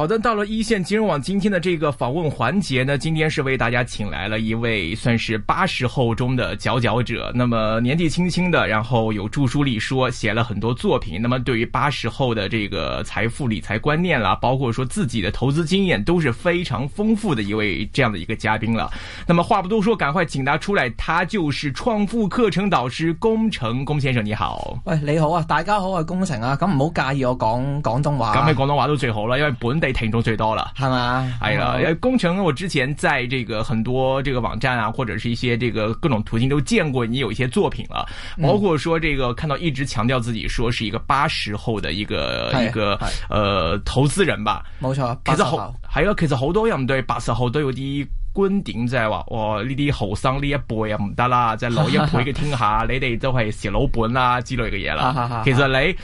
好的，到了一線金融網今天的這個訪問環節呢，今天是為大家請來了一位算是八十後中的佼佼者。那麼年紀輕輕的，然後有著書立說，寫了很多作品。那麼對於八十後的這個財富理財觀念啦，包括說自己的投資經驗都是非常豐富的一位這樣的一個嘉賓了。那麼話不多說，趕快請他出來，他就是創富課程導師龔成，龔先生，你好，喂，你好啊，大家好，啊，我龔成啊，咁唔好介意我講廣東話，咁你廣東話都最好啦，因為本地。聽眾最多啦，係嘛？係啊，工程，我之前在這個很多這個網站啊，或者是一些這個各種途徑都見過你有一些作品啦，包括說這個看到一直強調自己說是一個八十後的一個一個呃投資人吧，冇錯，八十後係咯，其實好多人對八十後都有啲觀點，就係話我呢啲後生呢一輩啊唔得啦，即係老一輩嘅天下，你哋都係蝕老本啦之類嘅嘢啦。其實你。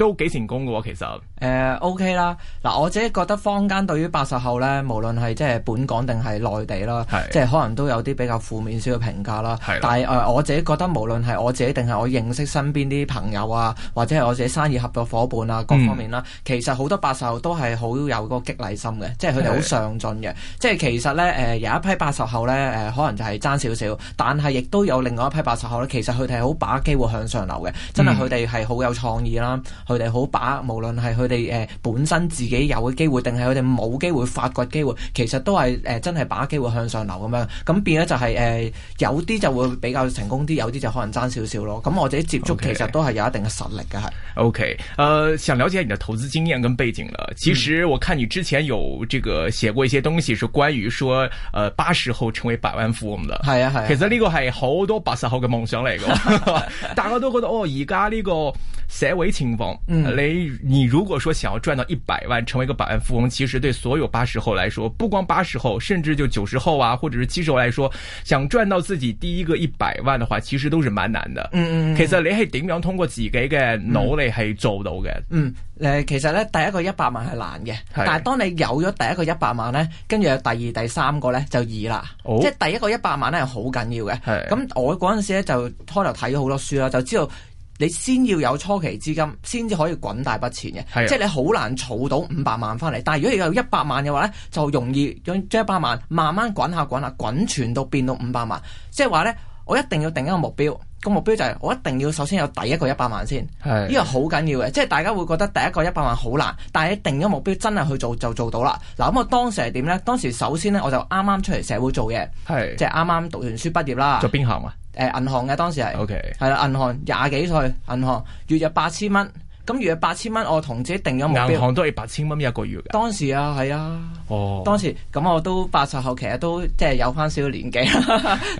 都幾成功嘅喎，哦，其實誒、uh, OK 啦。嗱，我自己覺得坊間對於八十後咧，無論係即係本港定係內地啦，是即係可能都有啲比較負面少嘅評價啦。的但係誒、呃、我自己覺得，無論係我自己定係我認識身邊啲朋友啊，或者係我自己生意合作伙伴啊，各方面啦、啊，嗯、其實好多八十後都係好有嗰個激勵心嘅，即係佢哋好上進嘅。是即係其實咧，誒、呃、有一批八十後咧，誒、呃、可能就係爭少少，但係亦都有另外一批八十後咧，其實佢哋係好把握機會向上流嘅，真係佢哋係好有創意啦。嗯佢哋好把握，無論係佢哋誒本身自己有嘅機會，定係佢哋冇機會發掘機會，其實都係誒、呃、真係把握機會向上流咁樣。咁變咗就係、是、誒、呃、有啲就會比較成功啲，有啲就可能爭少少咯。咁我哋接觸其實都係有一定嘅實力嘅，係。O K，誒，想了解下你嘅投資經驗跟背景啦。其實我看你之前有這個寫過一些東西，是關於說，誒八十後成為百萬富翁嘅。係啊，係。其實呢個係好多八十後嘅夢想嚟嘅， 大家都覺得，哦，而家呢個社會情況。嗯，你你如果說想要賺到一百萬，成為一個百萬富翁，其實對所有八十後來說，不光八十後，甚至就九十後啊，或者是七十後來說，想賺到自己第一個一百萬的話，其實都是蠻難的。嗯嗯，的的嗯，嗯，其實你係點樣通過自己嘅努力係做到嘅？嗯，誒，其實咧第一個一百萬係難嘅，是但係當你有咗第一個一百萬咧，跟住有第二、第三個咧就易啦。哦，即係第一個一百萬咧係好緊要嘅。係是，咁我嗰陣時咧就開頭睇咗好多書啦，就知道。你先要有初期資金，先至可以滾大筆錢嘅。的即係你好難儲到五百萬翻嚟，但係如果你有一百萬嘅話呢，就容易將將一百萬慢慢滾下滾下滾存到變到五百萬。即係話呢，我一定要定一個目標。個目標就係我一定要首先有第一個一百萬先，呢個好緊要嘅，即係大家會覺得第一個一百萬好難，但係你定咗目標真係去做就做到啦。嗱，咁我當時係點呢？當時首先呢，我就啱啱出嚟社會做嘢，即係啱啱讀完書畢業啦。做邊行啊？誒、呃，銀行嘅當時係，係啦 Okay，銀行廿幾歲，銀行月入八千蚊。咁如果八千蚊，我同自己定咗目標，銀行都係八千蚊一個月嘅。當時啊，係啊，哦，當時咁我都八十後期，其實都即係有翻少少年紀，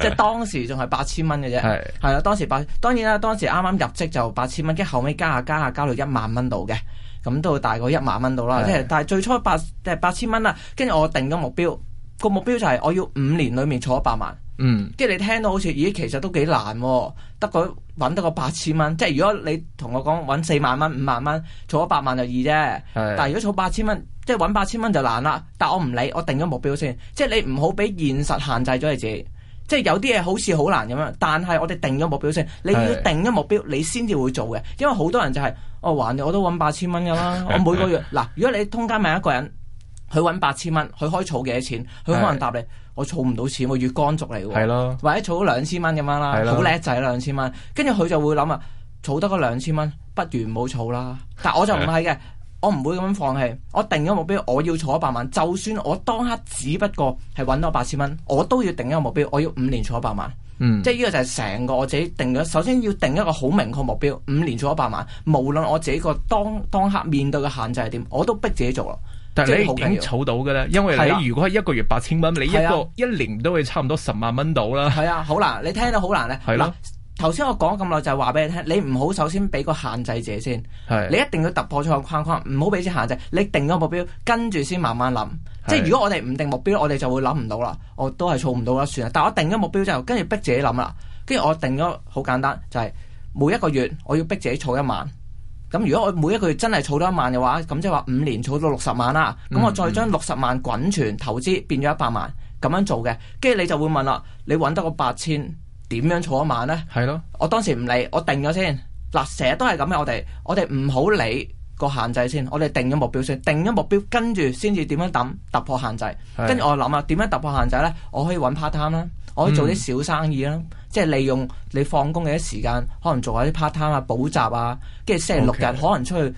即係 當時仲係八千蚊嘅啫。係係啦，當時八當然啦，當時啱啱入職就八千蚊，跟住後尾加下加下加到一萬蚊度嘅，咁都大概一萬蚊度啦。是的 即係但係最初八誒八千蚊啦，跟住我定咗目標，個目標就係我要五年裏面儲一百萬。嗯，即係你聽到好似，咦，其實都幾難喎，哦，得個揾得個八千蚊，即係如果你同我講揾四萬蚊、五萬蚊，儲咗八萬就易啫。是但係如果儲八千蚊，即係揾八千蚊就難啦。但我唔理，我定咗目標先。即係你唔好俾現實限制咗你自己。即係有啲嘢好似好難咁樣，但係我哋定咗目標先。你要定咗目標，是你先至會做嘅。因為好多人就係、是，哦，還我都揾八千蚊噶啦。 我每個月嗱，如果你通街問一個人佢揾八千蚊，去開儲幾多錢，佢可能答你。我儲唔到錢，我月光族嚟嘅。係咯的，或者儲到兩千蚊咁樣啦，好叻仔啦兩千蚊。跟住佢就會諗啊，儲得嗰兩千蚊，不如唔好儲啦。但我就唔係嘅，的我唔會咁樣放棄。我定咗目標，我要儲一百萬。就算我當刻只不過係搵到八千蚊，我都要定一個目標，我要五年儲一百萬。嗯，即係呢個就係成個我自己定咗，首先要定一個好明確目標，五年儲一百萬。無論我自己個當當刻面對嘅限制係點，我都逼自己做。但係你點儲到嘅咧？因為你如果係一個月八千蚊，的你一個的一年都會差唔多十萬蚊到啦。係啊，好難，你聽到好難咧。係啦的，頭先我講咁耐就係話俾你聽，你唔好首先俾個限制者先。係的，你一定要突破咗個框框，唔好俾啲限制。你定咗個目標，跟住先慢慢諗。的即係如果我哋唔定目標，我哋就會諗唔到啦。我都係儲唔到啦，算啦。但係我定咗目標之、就是、後，跟住逼自己諗啦。跟住我定咗好簡單，就係、是、每一個月我要逼自己儲一萬。咁如果我每一個月真係儲多一萬嘅話，咁即係話五年儲到六十萬啦。咁我再將六十萬滾存投資變咗一百萬咁樣做嘅，跟住你就會問啦，「你揾得個八千點樣儲一萬呢？」係咯，我當時唔理，我定咗先嗱，成日都係咁嘅。我哋我哋唔好理個限制先，我哋定咗目標先，定咗目標跟住先至點樣抌突破限制。跟住是的 我諗下點樣突破限制呢？我可以揾 part time 啦。我可以做啲小生意啦，嗯、即係利用你放工嘅一啲時間，可能做下啲 part time 啊、補習啊，跟住星期六日可能出去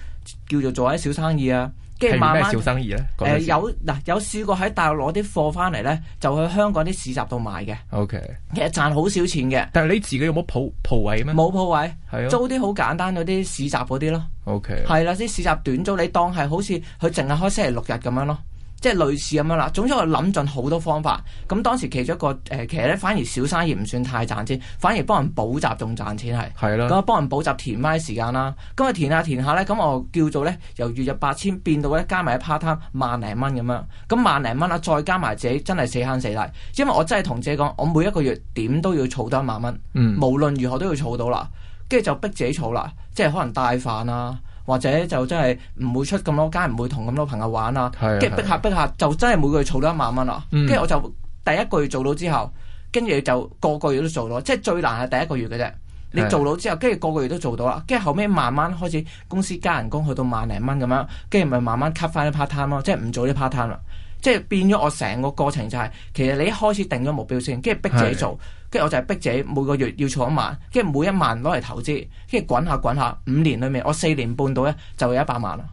叫做做下啲小生意啊，跟住 Okay. 慢慢係咪小生意咧。誒、呃，有嗱有試過喺大陸攞啲貨翻嚟咧，就去香港啲市集度賣嘅。OK，其實賺好少錢嘅。但係你自己有冇鋪鋪位咩？冇鋪位，係、哦、租啲好簡單嗰啲市集嗰啲咯。OK，係啦，啲市集短租，你當係好似佢淨係開星期六日咁樣咯。即係類似咁樣啦。總之我諗盡好多方法。咁當時其中一個誒、呃，其實咧反而小生意唔算太賺錢，反而幫人補習仲賺錢係。係啦的。咁啊幫人補習填翻啲時間啦。咁啊填下填下咧，咁我叫做咧由月入八千變到咧加埋一 part time 萬零蚊咁樣。咁萬零蚊啦，再加埋自己真係死慳死抵。因為我真係同自己講，我每一個月點都要儲多一萬蚊，嗯、無論如何都要儲到啦。跟住就逼自己儲啦，即係可能帶飯啦、啊。或者就真係唔會出咁多街，唔會同咁多朋友玩啦。即係是的 逼下逼下，就真係每個月儲到一萬蚊啦。跟住、嗯、我就第一個月做到之後，跟住就個個月都做到，即係最難係第一個月嘅啫。你做到之後，跟住個個月都做到啦。跟住後尾慢慢開始公司加人工，去到萬零蚊咁樣，跟住咪慢慢 cut 翻啲 part time 咯，即係唔做啲 part time 啦。即係變咗我成個過程就係、是，其實你一開始定咗目標先，跟住逼自己做，跟住是我就係逼自己每個月要做一萬，跟住每一萬攞嚟投資，跟住滾下滾下，五年裡面我四年半到咧就有一百萬啦，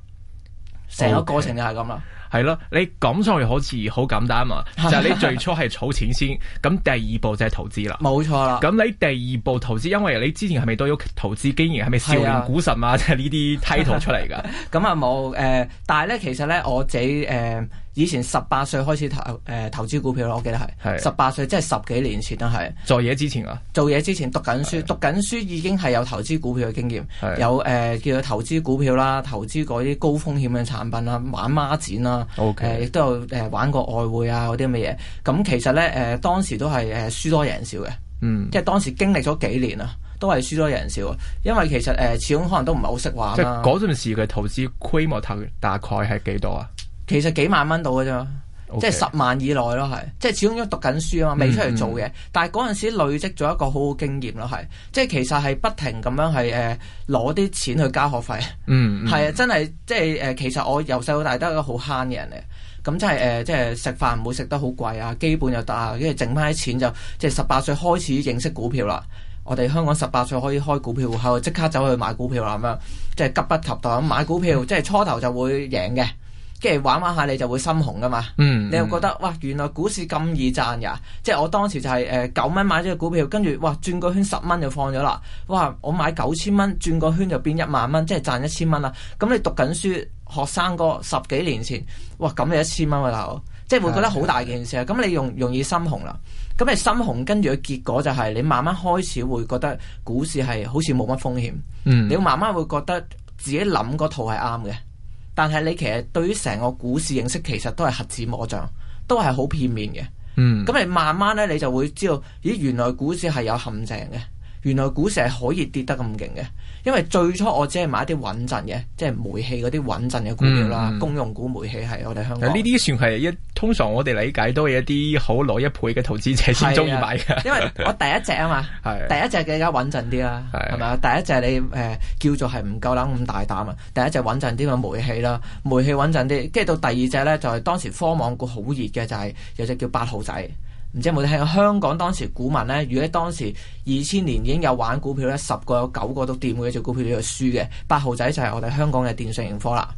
成個過程就係咁啦。Okay. 係咯，你講上去好似好簡單啊嘛，就係、是、你最初係儲錢先，咁 第二步就係投資啦。冇錯啦。咁你第二步投資，因為你之前係咪都有投資經驗？係咪少年股神啊？即係呢啲 title 出嚟㗎？咁啊冇誒，但係咧其實咧，我自己誒、呃、以前十八歲開始投誒、呃、投資股票咯，我記得係十八歲，即係十幾年前啊，係做嘢之前啊，做嘢之前讀緊書，的讀緊書已經係有投資股票嘅經驗，的有誒、呃、叫做投資股票啦，投資嗰啲高風險嘅產品啦，玩孖展啦。OK，亦都有誒玩過外匯啊嗰啲咁嘅嘢，咁其實咧誒當時都係誒輸多贏少嘅，嗯，即係當時經歷咗幾年啊，都係輸多贏少，啊。因為其實誒、呃、始終可能都唔係好識玩、啊、即係嗰陣時嘅投資規模頭大概係幾多啊？其實幾萬蚊到嘅啫。Okay. 即係十萬以內咯，係即係始終都讀緊書啊嘛，未出嚟做嘢，嗯嗯、但係嗰陣時累積咗一個好好經驗咯，係即係其實係不停咁樣係誒攞啲錢去交學費，係啊、嗯嗯，真係即係誒、呃，其實我由細到大都係一個好慳嘅人嚟，咁即係誒，即係、呃、食飯唔會食得好貴啊，基本就得啊，跟住剩翻啲錢就即係十八歲開始認識股票啦，我哋香港十八歲可以開股票，係即刻走去買股票啦咁樣，即係急不及待咁買股票，即係初頭就會贏嘅。跟住玩玩下你就會心紅噶嘛，嗯、你又覺得、嗯、哇，原來股市咁易賺噶、啊，即係我當時就係誒九蚊買咗個股票，跟住哇轉個圈十蚊就放咗啦，哇我買九千蚊轉個圈就變一萬蚊，即係賺一千蚊啦。咁你讀緊書學生哥十幾年前，哇咁你一千蚊個頭，即係會覺得好大件事啊。咁、嗯、你容易容易心紅啦，咁你心紅跟住嘅結果就係你慢慢開始會覺得股市係好似冇乜風險，嗯、你慢慢會覺得自己諗嗰套係啱嘅。但係你其實對於成個股市認識，其實都係瞎子摸象，都係好片面嘅。咁、嗯、你慢慢咧，你就會知道，咦，原來股市係有陷阱嘅。原來股市係可以跌得咁勁嘅，因為最初我只係買一啲穩陣嘅，即係煤氣嗰啲穩陣嘅股票啦，嗯、公用股煤氣係我哋香港。呢啲算係一通常我哋理解都係一啲好耐一倍嘅投資者先中意買嘅。啊、 因為我第一隻啊嘛，係 啊、第一隻更加穩陣啲啦，係咪啊第、呃？第一隻你誒叫做係唔夠膽咁大膽啊，第一隻穩陣啲嘅煤氣啦，煤氣穩陣啲，跟住到第二隻咧就係、是、當時科網股好熱嘅，就係有隻叫八號仔。唔知有冇聽香港當時股民呢？如果當時二千年已經有玩股票呢，十個有九個都掂過呢隻股票你就輸嘅。八號仔就係我哋香港嘅電訊盈科啦，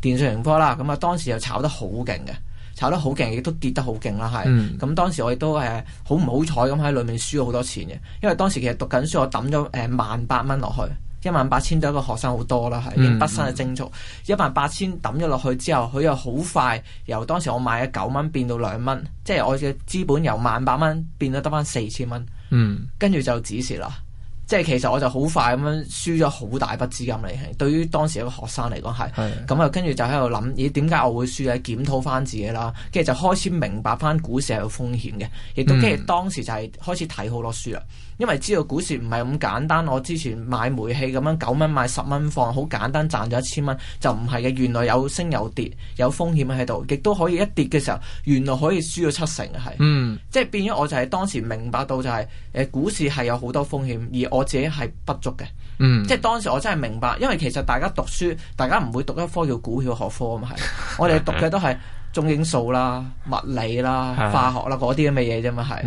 電訊盈科啦，咁啊當時又炒得好勁嘅，炒得好勁亦都跌得好勁啦，係、嗯。咁當時我亦都誒好唔好彩咁喺裏面輸咗好多錢嘅，因為當時其實讀緊書，我抌咗誒萬八蚊落去。一萬八千對一個學生好多啦，係，畢生嘅積蓄。一萬八千抌咗落去之後，佢又好快由當時我買咗九蚊變到兩蚊，即係我嘅資本由萬八蚊變到得翻四千蚊，嗯，跟住就止蝕啦，即係其實我就好快咁樣輸咗好大筆資金嚟，對於當時一個學生嚟講係，咁啊的跟住就喺度諗咦點解我會輸咧？檢討翻自己啦，跟住就開始明白翻股市係有風險嘅，亦都跟住當時就係開始睇好多書啦。嗯因為知道股市唔係咁簡單，我之前買煤氣咁樣九蚊買十蚊放，好簡單賺咗一千蚊，就唔係嘅。原來有升有跌，有風險喺度，亦都可以一跌嘅時候，原來可以輸到七成係。嗯，即係變咗我就係當時明白到就係、是、誒，股市係有好多風險，而我自己係不足嘅。嗯，即係當時我真係明白，因為其實大家讀書，大家唔會讀一科叫股票學，學科啊嘛，係， 我哋讀嘅都係。中英數啦、物理啦、啊、化學啦，嗰啲咁嘅嘢啫嘛，係。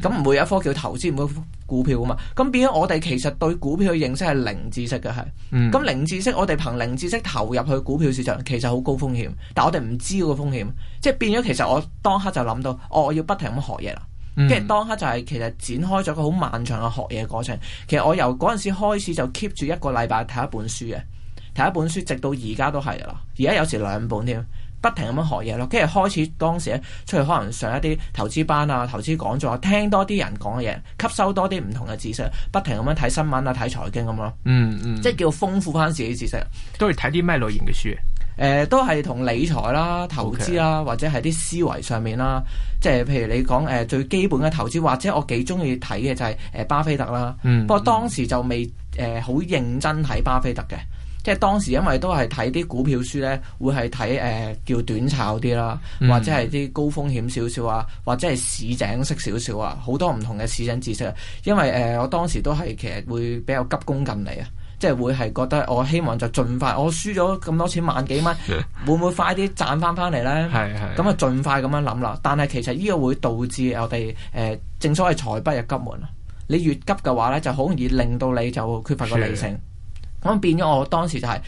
咁唔會有一科叫投資，唔會股票噶嘛。咁變咗我哋其實對股票嘅認識係零知識嘅，係。咁、嗯、零知識，我哋憑零知識投入去股票市場，其實好高風險，但我哋唔知個風險。即係變咗，其實我當刻就諗到，哦，我要不停咁學嘢啦。跟住、嗯、當刻就係其實展開咗個好漫長嘅學嘢過程。其實我由嗰陣時開始就 keep 住一個禮拜睇一本書嘅，睇一本書直到而家都係啦。而家有時兩本添。不停咁樣學嘢咯，跟住開始當時咧，出去可能上一啲投資班啊、投資講座啊，聽多啲人講嘅嘢，吸收多啲唔同嘅知識，不停咁樣睇新聞啊、睇財經咁咯、嗯。嗯嗯，即係叫豐富翻自己知識。都係睇啲咩類型嘅書？誒、呃，都係同理財啦、投資啦，Okay. 或者係啲思維上面啦。即係譬如你講誒、呃、最基本嘅投資，或者我幾中意睇嘅就係、是、誒、呃、巴菲特啦。嗯嗯、不過當時就未誒好、呃、認真睇巴菲特嘅。即係當時因為都係睇啲股票書咧，會係睇誒叫短炒啲啦，或者係啲高風險少少啊，或者係市井式少少啊，好多唔同嘅市井知識。因為誒、呃、我當時都係其實會比較急功近利啊，即係會係覺得我希望就盡快，我輸咗咁多錢萬幾蚊，會唔會快啲賺返返嚟咧？係係。咁啊，盡快咁樣諗啦。但係其實呢個會導致我哋誒、呃、正所謂財不入急門啊。你越急嘅話咧，就好容易令到你就缺乏個理性。咁變咗，我當時就係誒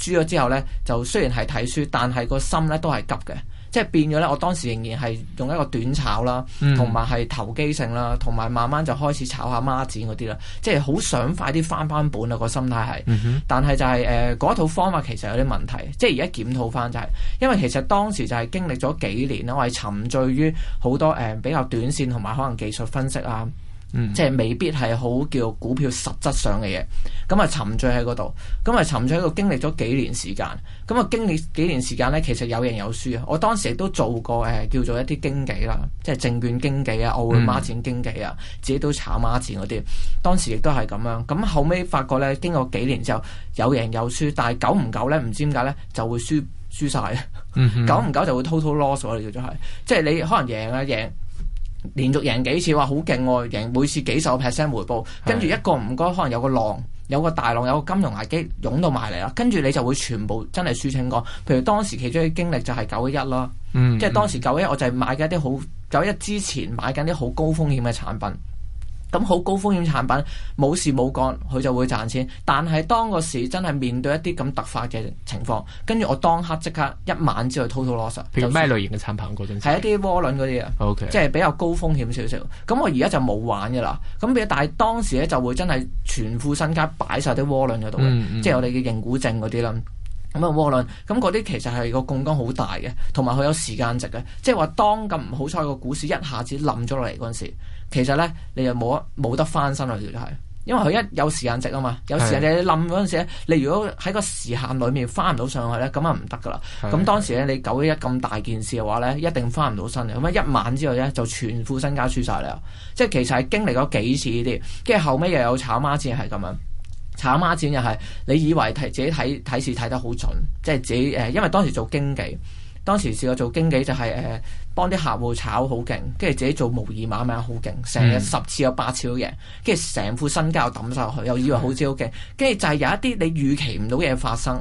輸咗之後咧，就雖然係睇書，但係個心咧都係急嘅，即係變咗咧。我當時仍然係用一個短炒啦，同埋係投機性啦，同埋慢慢就開始炒下孖展嗰啲啦，即係好想快啲翻翻本啊！個心態係，嗯、哼但係就係誒嗰套方法其實有啲問題。即係而家檢討翻就係、是，因為其實當時就係經歷咗幾年啦，我係沉醉於好多誒、呃、比較短線同埋可能技術分析啊。嗯、即係未必係好叫股票實質上嘅嘢，咁啊沉醉喺嗰度，咁啊沉醉喺度經歷咗幾年時間，咁啊經歷幾年時間呢？其實有贏有輸啊！我當時亦都做過誒、呃、叫做一啲經紀啦，即係證券經紀啊，我會孖展經紀啊，嗯、自己都炒孖展嗰啲，當時亦都係咁樣。咁後尾發覺呢，經過幾年之後有贏有輸，但係久唔久呢，唔知點解呢，就會輸輸曬。久唔久就會 total loss 啊！叫做係，即、就、係、係、你可能贏啊贏。贏 g 連續贏幾次話好勁喎，贏、哦、每次幾十個 percent 回報，跟住的一個唔該可能有個浪，有個大浪，有個金融危機湧到埋嚟啦，跟住你就會全部真係輸清光。譬如當時其中嘅經歷就係九一一啦，嗯、即係當時九一一我就係買緊一啲好九一之前買緊啲好高風險嘅產品。咁好高風險產品，冇事冇干，佢就會賺錢。但係當個市真係面對一啲咁突發嘅情況，跟住我當刻即刻一晚之後 total loss。譬如咩類型嘅產品嗰陣時？係一啲窩輪嗰啲啊，Okay. 即係比較高風險少少。咁我而家就冇玩嘅啦。咁但係當時咧就會真係全副身家擺晒啲窩輪嗰度嘅，嗯嗯、即係我哋嘅認股證嗰啲啦。咁啊窩輪，咁嗰啲其實係個槓桿好大嘅，同埋佢有時間值嘅。即係話當咁唔好彩個股市一下子冧咗落嚟嗰陣時。其實咧，你就冇冇得翻身啦，就係，因為佢一有時間值啊嘛，有時間值你冧嗰陣時咧，是的 你如果喺個時限裏面翻唔到上去咧，咁啊唔得噶啦。咁是的 當時咧，你九一一咁大件事嘅話咧，一定翻唔到身嘅。咁一晚之後咧，就全副身家輸晒啦。即係其實係經歷咗幾次呢啲，跟住後尾又有炒孖展係咁樣，炒孖展又係你以為睇自己睇睇事睇得好準，即係自己誒，因為當時做經紀。當時試過做經紀、就是，就係誒幫啲客戶炒好勁，跟住自己做模擬買賣好勁，成日十次有八次都贏，跟住成副身家又抌晒落去，又以為好似好勁，跟住的就係有一啲你預期唔到嘅嘢發生，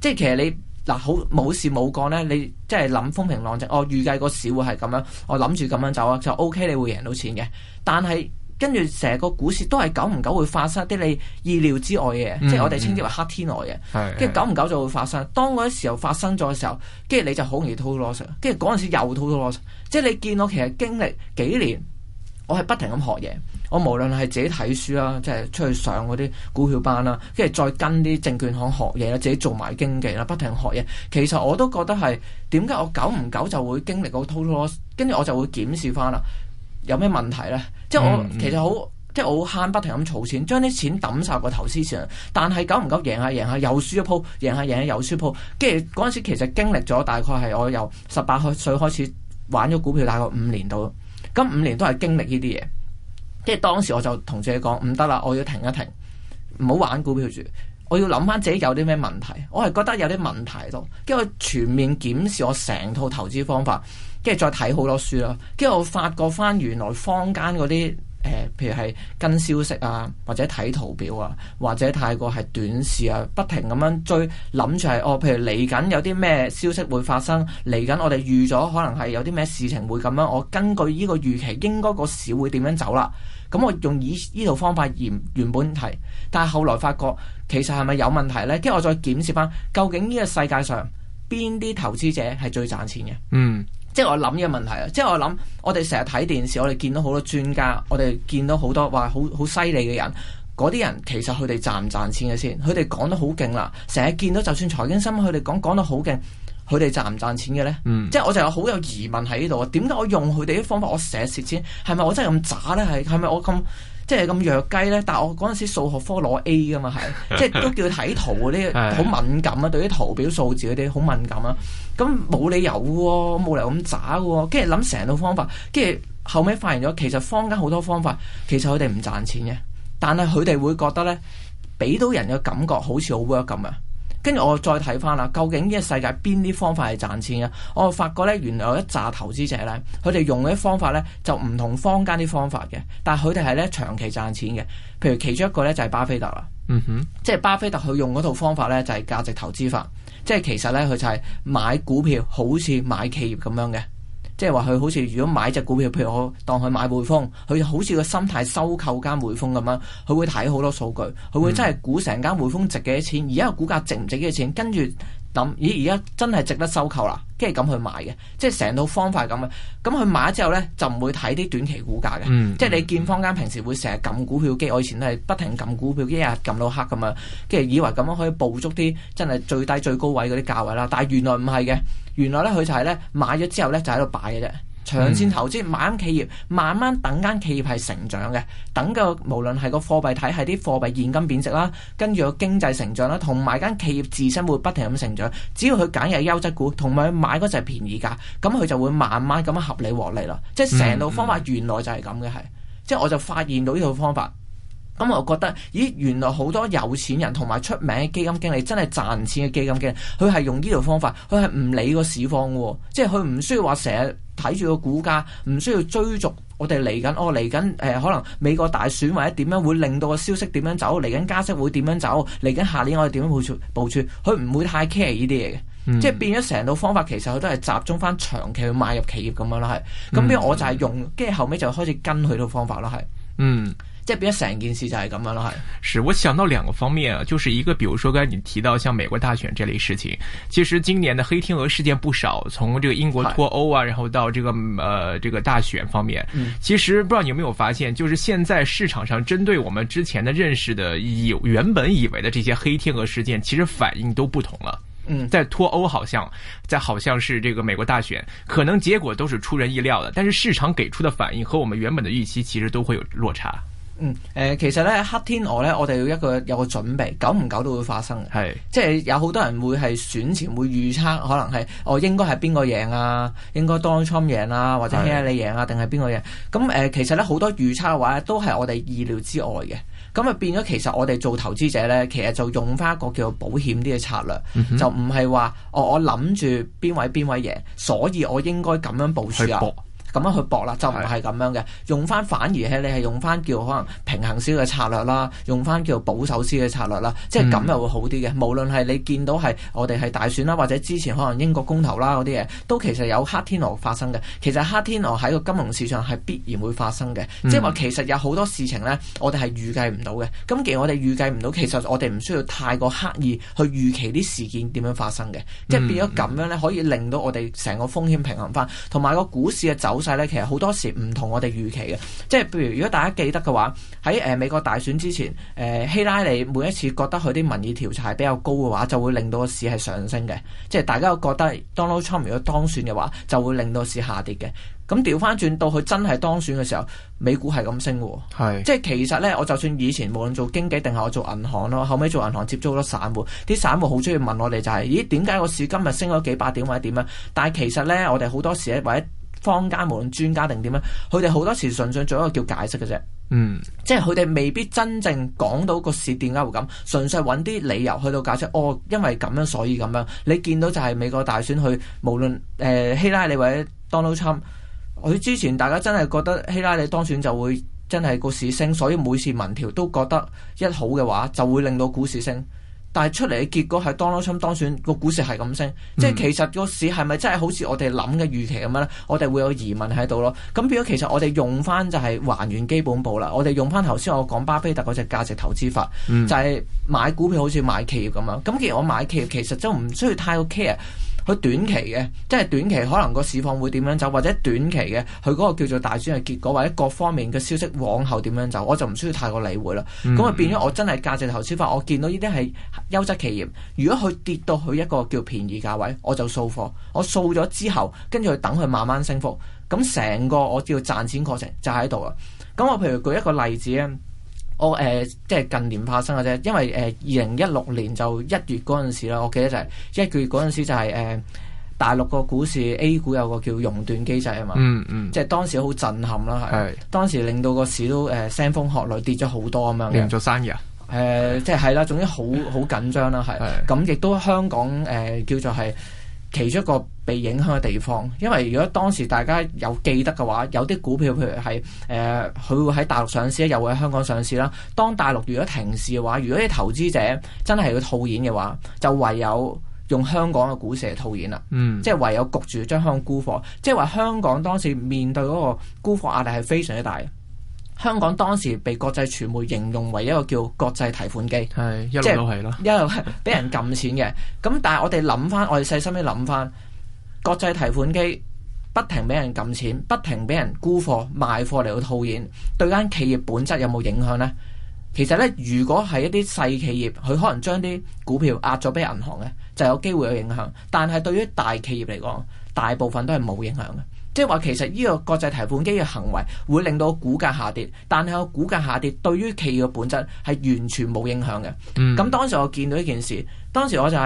即係其實你嗱、呃、好冇事冇幹咧，你即係諗風平浪靜，我預計個市會係咁樣，我諗住咁樣走啊，就 O、OK, K，你會贏到錢嘅，但係。跟住，成個個股市都係久唔久會發生一啲你意料之外嘅，嗯、即係我哋稱之為黑天鵝嘅。跟住、嗯、久唔久就會發生。嗯、當嗰啲時候發生咗嘅時候，跟住你就好容易 total loss。跟住嗰陣時又 total loss。即係你見到其實經歷幾年，我係不停咁學嘢。我無論係自己睇書啦，即係出去上嗰啲股票班啦，跟住再跟啲證券行學嘢啦，自己做埋經紀啦，不停學嘢。其實我都覺得係點解我久唔久就會經歷個 total loss？跟住我就會檢視翻啦，有咩問題呢？即係我其實好，即係我慳，不停咁儲錢，將啲錢抌晒個投資上。但係夠唔夠贏下贏下，贏下又輸一鋪，贏下贏下，贏下又輸鋪。跟住嗰陣時其實經歷咗大概係我由十八歲開始玩咗股票大概五年到，咁五年都係經歷呢啲嘢。即係當時我就同自己講唔得啦，我要停一停，唔好玩股票住。我要諗翻自己有啲咩問題，我係覺得有啲問題多，跟住我全面檢視我成套投資方法。跟住再睇好多書咯。跟住我發覺返，原來坊間嗰啲誒，譬如係跟消息啊，或者睇圖表啊，或者太過係短視啊，不停咁樣追，諗住係哦，譬如嚟緊有啲咩消息會發生，嚟緊我哋預咗可能係有啲咩事情會咁樣。我根據呢個預期，應該個市會點樣走啦，啊。咁我用以呢套方法而原本係，但係後來發覺其實係咪有問題呢？跟住我再檢視返，究竟呢個世界上邊啲投資者係最賺錢嘅？嗯。即係我諗呢個問題啊！即係我諗，我哋成日睇電視，我哋見到好多專家，我哋見到好多話好好犀利嘅人，嗰啲人其實佢哋賺唔賺錢嘅先？佢哋講得好勁啦，成日見到就算財經新聞，佢哋講講得好勁，佢哋賺唔賺錢嘅呢？嗯，即係我就有好有疑問喺呢度啊！點解我用佢哋啲方法，我成日蝕錢？係咪我真係咁渣呢？係係咪我咁？即係咁弱雞咧，但係我嗰陣時數學科攞 A 噶嘛，係即係都叫睇圖嗰啲好敏感啊， 對於圖表數字嗰啲好敏感啊，咁冇理由喎、啊，冇理由咁渣嘅喎，跟住諗成套方法，跟住後尾發現咗其實坊間好多方法其實佢哋唔賺錢嘅，但係佢哋會覺得咧俾到人嘅感覺好似好 work 咁啊。跟住我再睇翻啦，究竟呢個世界邊啲方法係賺錢呀？我發覺呢，原來有一紮投資者呢，佢哋用嗰啲方法呢，就唔同坊間啲方法嘅，但係佢哋係呢長期賺錢嘅。譬如其中一個呢，就係巴菲特啦，嗯哼，即係巴菲特佢用嗰套方法呢，就係價值投資法，即係其實呢，佢就係買股票好似買企業咁樣嘅。即係話佢好似如果買隻股票，譬如我當佢買匯豐，佢好似個心態收購間匯豐咁樣，佢會睇好多數據，佢會真係估成間匯豐值幾多錢，而家個股價值唔值幾多錢，跟住。諗，咦而家真係值得收購啦，跟住咁去買嘅，即係成套方法咁嘅。咁佢買咗之後呢，就唔會睇啲短期股價嘅，嗯嗯、即係你見坊間平時會成日撳股票機，我以前都係不停撳股票機，一日撳到黑咁樣，跟住以為咁樣可以捕捉啲真係最低最高位嗰啲價位啦。但係原來唔係嘅，原來呢，佢就係呢買咗之後呢，就喺度擺嘅啫。長線投資買間企業，慢慢等間企業係成長嘅，等個無論係個貨幣體系啲貨幣現金貶值啦，跟住個經濟成長啦，同埋間企業自身會不停咁成長。只要佢揀嘅係優質股，同埋佢買嗰陣係便宜價，咁佢就會慢慢咁樣合理獲利咯。即係成套方法原來就係咁嘅，係即係我就發現到呢套方法。咁、嗯、我覺得，咦，原來好多有錢人同埋出名嘅基金經理，真係賺錢嘅基金經理，佢係用呢套方法，佢係唔理個市況嘅，即係佢唔需要話成日睇住個股價，唔需要追逐我哋嚟緊，哦嚟緊，誒、呃、可能美國大選或者點樣會令到個消息點樣走，嚟緊加息會點樣走，嚟緊下，下年我哋點樣部署部署，佢唔會太 care 呢啲嘢嘅，嗯、即係變咗成套方法，其實佢都係集中翻長期去買入企業咁樣啦，係。咁、嗯、邊、嗯、我就係用，跟住後尾就開始跟佢套方法啦，係。嗯。即邊成件事就係咁樣咯，係。是我想到兩個方面啊，就是一個，比如說剛才你提到像美國大選這類事情，其實今年的黑天鵝事件不少，從這個英國脱歐啊，然後到這個，呃，這個大選方面，嗯，其實不知道你有沒有發現，就是現在市場上針對我們之前的認識的有原本以為的這些黑天鵝事件，其實反應都不同了。嗯，在脱歐好像，在好像是這個美國大選，可能結果都是出人意料的，但是市場給出的反應和我們原本的預期其實都會有落差。嗯，誒、呃，其實咧黑天鵝咧，我哋要一個有一個準備，久唔久都會發生嘅。係是，即係有好多人會係選前會預測，可能係我、哦、應該係邊個贏啊，應該 Donald Trump 贏啦、啊，或者希拉里贏啊，定係邊個贏、啊？咁誒是、呃，其實咧好多預測嘅話都係我哋意料之外嘅。咁啊變咗，其實我哋做投資者咧，其實就用翻一個叫做保險啲嘅策略，嗯、哼就唔係話哦，我諗住邊位邊位，位贏，所以我應該咁樣部署啊。咁樣去搏啦，是就唔係咁樣嘅。用翻反而係你係用翻叫可能平衡師嘅策略啦，用翻叫保守師嘅策略啦，嗯、即係咁又會好啲嘅。無論係你見到係我哋係大選啦，或者之前可能英國公投啦嗰啲嘢，都其實有黑天鵝發生嘅。其實黑天鵝喺個金融市場係必然會發生嘅。嗯、即係話其實有好多事情呢，我哋係預計唔到嘅。咁既然我哋預計唔到，其實我哋唔需要太過刻意去預期啲事件點樣發生嘅。即係變咗咁樣呢，嗯、可以令到我哋成個風險平衡翻，同埋個股市嘅走。其實好多時唔同我哋預期嘅，即係譬如如果大家記得嘅話，喺誒、呃、美國大選之前，誒、呃、希拉里每一次覺得佢啲民意調查係比較高嘅話，就會令到個市係上升嘅，即係大家都覺得 Donald Trump 如果當選嘅話，就會令到市下跌嘅。咁調翻轉到佢真係當選嘅時候，美股係咁升嘅。係是即係其實呢，我就算以前無論做經紀定係我做銀行咯，後尾做銀行接觸好多散戶，啲散戶好中意問我哋就係、是、咦，點解個市今日升咗幾百點或者點啊？但係其實呢，我哋好多時咧，或者。坊間無論專家定點樣，佢哋好多時純粹做一個叫解釋嘅啫，嗯，即係佢哋未必真正講到個市點解會咁，純粹揾啲理由去到解釋。哦，因為咁樣，所以咁樣。你見到就係美國大選去，佢無論誒、呃、希拉里或者 Donald Trump，佢之前大家真係覺得希拉里當選就會真係個市升，所以每次民調都覺得一好嘅話就會令到股市升。但係出嚟嘅結果係 Donald Trump 當選，個股市係咁升，嗯、即係其實個市係咪真係好似我哋諗嘅預期咁樣咧？我哋會有疑問喺度咯。咁變咗，其實我哋用翻就係還原基本步啦。我哋用翻頭先我講巴菲特嗰隻價值投資法，嗯、就係買股票好似買企業咁樣。咁其實我買企業其實就唔需要太好 care。佢短期嘅，即係短期可能個市況會點樣走，或者短期嘅佢嗰個叫做大選嘅結果，或者各方面嘅消息往後點樣走，我就唔需要太過理會啦。咁啊、嗯、變咗，我真係價值投資法，我見到呢啲係優質企業，如果佢跌到去一個叫便宜價位，我就掃貨。我掃咗之後，跟住去等佢慢慢升幅。咁成個我叫賺錢過程就喺度啦。咁我譬如舉一個例子咧。我誒、哦呃、即係近年發生嘅啫，因為誒二零一六年就一月嗰陣時啦，我記得就係一月嗰陣時就係、是、誒、呃、大陸個股市 A 股有個叫熔斷機制啊嘛、嗯，嗯嗯，即係當時好震撼啦，係，是當時令到個市都誒腥風血雨跌咗好多咁樣，樣做生意啊，誒、呃、即係係啦，總之好好緊張啦，係，咁亦都香港誒、呃、叫做係。其中一個被影響嘅地方，因為如果當時大家有記得嘅話，有啲股票譬如係誒，佢、呃、會喺大陸上市又會喺香港上市啦。當大陸如果停市嘅話，如果啲投資者真係要套現嘅話，就唯有用香港嘅股市嚟套現啦。嗯，即係唯有焗住將香港沽貨，即係話香港當時面對嗰個沽貨壓力係非常之大。香港當時被國際傳媒形容為一個叫國際提款機，即一路係咯，一路俾人撳錢嘅。咁 但係我哋諗翻，我哋細心啲諗翻，國際提款機不停俾人撳錢，不停俾人沽貨賣貨嚟到套現，對間企業本質有冇影響呢？其實呢，如果係一啲細企業，佢可能將啲股票押咗俾銀行呢就有機會有影響。但係對於大企業嚟講，大部分都係冇影響嘅。即係話其實呢個國際提款機嘅行為會令到股價下跌，但係個股價下跌對於企業嘅本質係完全冇影響嘅。咁、mm. 當時我見到呢件事，當時我就係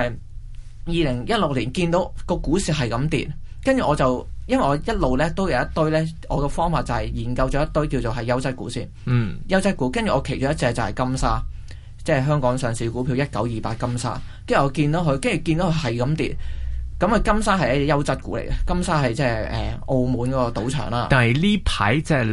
二零一六年見到個股市係咁跌，跟住我就因為我一路呢都有一堆呢，我嘅方法就係研究咗一堆叫做係優質股先。嗯，優質股，跟住我其中一隻就係金沙，即係香港上市股票一九二八金沙，跟住我見到佢，跟住見到佢係咁跌。咁啊，金沙係一隻優質股嚟嘅。金沙係即係誒澳門嗰個賭場啦、啊。但係呢排即係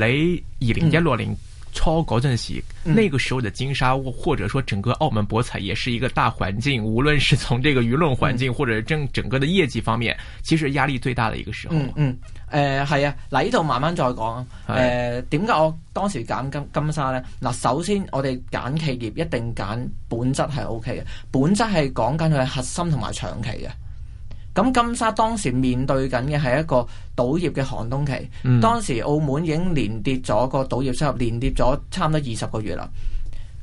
你二零一六年初嗰陣時，嗯、呢個時候嘅金沙，或者說整個澳門博彩，也是一個大環境，無論是從這個輿論環境或者整整個嘅業績方面，嗯、其實壓力最大嘅一個時候、啊嗯。嗯嗯，誒、呃、係啊，嗱呢度慢慢再講誒、啊。點、呃、解我當時揀金金沙咧？嗱，首先我哋揀企業一定揀本質係 O K 嘅，本質係講緊佢嘅核心同埋長期嘅。咁金沙當時面對緊嘅係一個賭業嘅寒冬期，嗯、當時澳門已經連跌咗個賭業收入，連跌咗差唔多二十個月啦。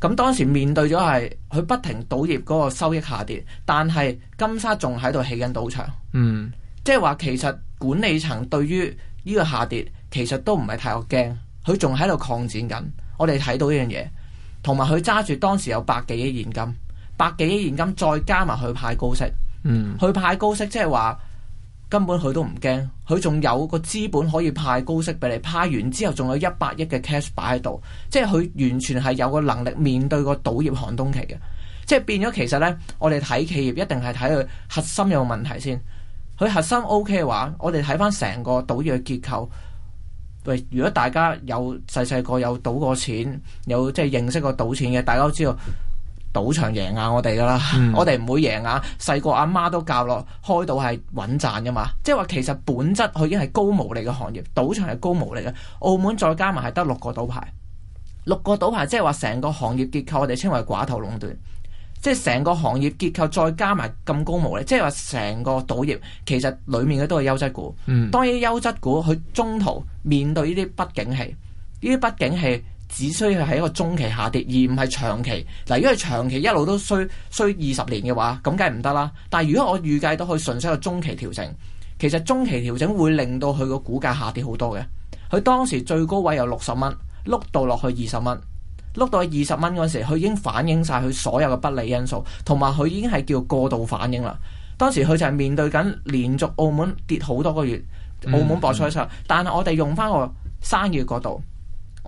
咁當時面對咗係佢不停賭業嗰個收益下跌，但係金沙仲喺度起緊賭場，嗯，即係話其實管理層對於呢個下跌其實都唔係太過驚，佢仲喺度擴展緊。我哋睇到呢樣嘢，同埋佢揸住當時有百幾億現金，百幾億現金再加埋佢派高息。嗯，佢派高息，即係話根本佢都唔驚，佢仲有個資本可以派高息俾你派完之後，仲有一百億嘅 cash 擺喺度，即係佢完全係有個能力面對個賭業寒冬期嘅，即係變咗其實呢，我哋睇企業一定係睇佢核心有，有問題先，佢核心 OK 嘅話，我哋睇翻成個賭業嘅結構。喂，如果大家有細細個有賭過錢，有即係認識過賭錢嘅，大家都知道。賭場贏啊，嗯、我哋噶啦，我哋唔會贏啊。細個阿媽都教落開賭係穩賺噶嘛。即係話其實本質佢已經係高毛利嘅行業，賭場係高毛利嘅。澳門再加埋係得六個賭牌，六個賭牌即係話成個行業結構，我哋稱為寡頭壟斷。即係成個行業結構再加埋咁高毛利，即係話成個賭業其實裏面嘅都係優質股。嗯、當然，優質股佢中途面對呢啲不景氣，呢啲不景氣。只需要係一個中期下跌，而唔係長期。嗱，如果係長期一路都衰衰二十年嘅話，咁梗係唔得啦。但係如果我預計到佢係純粹一個中期調整，其實中期調整會令到佢個股價下跌好多嘅。佢當時最高位由六十蚊，碌到落去二十蚊，碌到去二十蚊嗰時，佢已經反映晒佢所有嘅不利因素，同埋佢已經係叫過度反應啦。當時佢就係面對緊連續澳門跌好多個月，嗯嗯澳門博彩上，但係我哋用翻個生意角度。